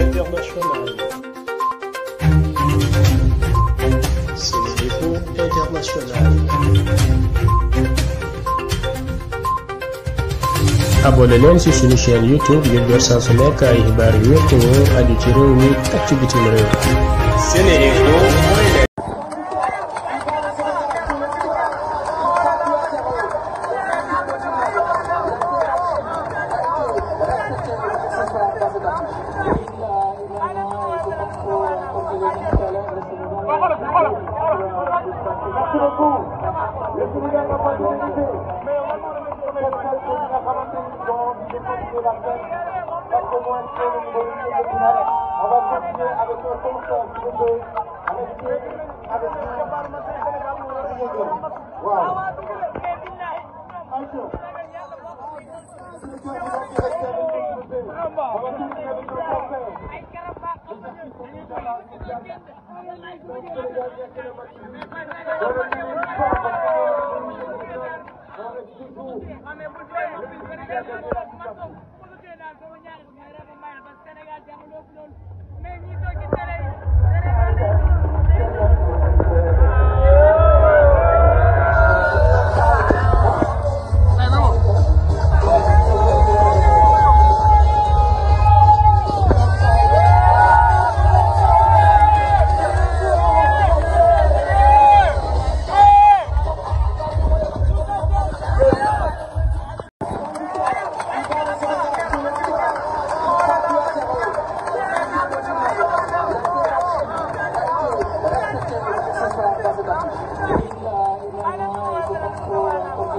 internationale. C'est les échos internationales. abonné leen ci suñu chaîne YouTube ngir jot saa su nekk ay xibaar yu wér te wóor aju ci réew mi ak ci bitim réew. Sénéinfo ko yéen suñu yàlla ba ñu ngi gisee tegtal ko ñi nga xamante ni bon di ko gisee la peine parce que mooy seen mbéy mi le final on va continuer avec nos producteurs qui sont deux avec deux avec deux waaw. Thank you. Sénégal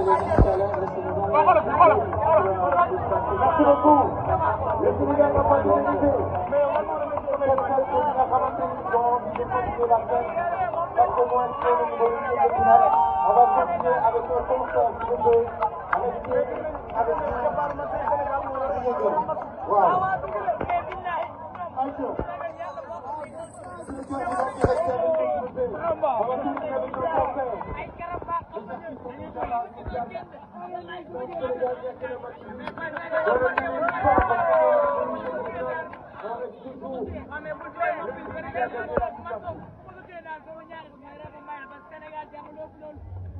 Merci beaucoup. Le Sénégal n'a pas dérégué. Parce que moi, je suis le niveau de finale. On va continuer avec un concert, s'il vous plaît. Avec qui Avec qui Wow. Attention. S'il vous plaît, vous restez avec nous, s'il vous plaît. On va continuer avec un concert.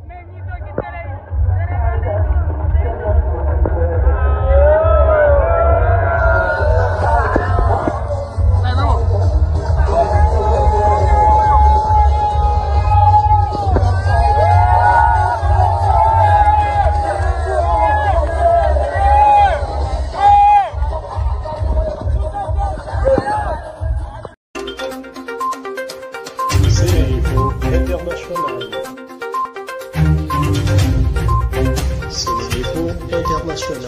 mais ñi toog ci télé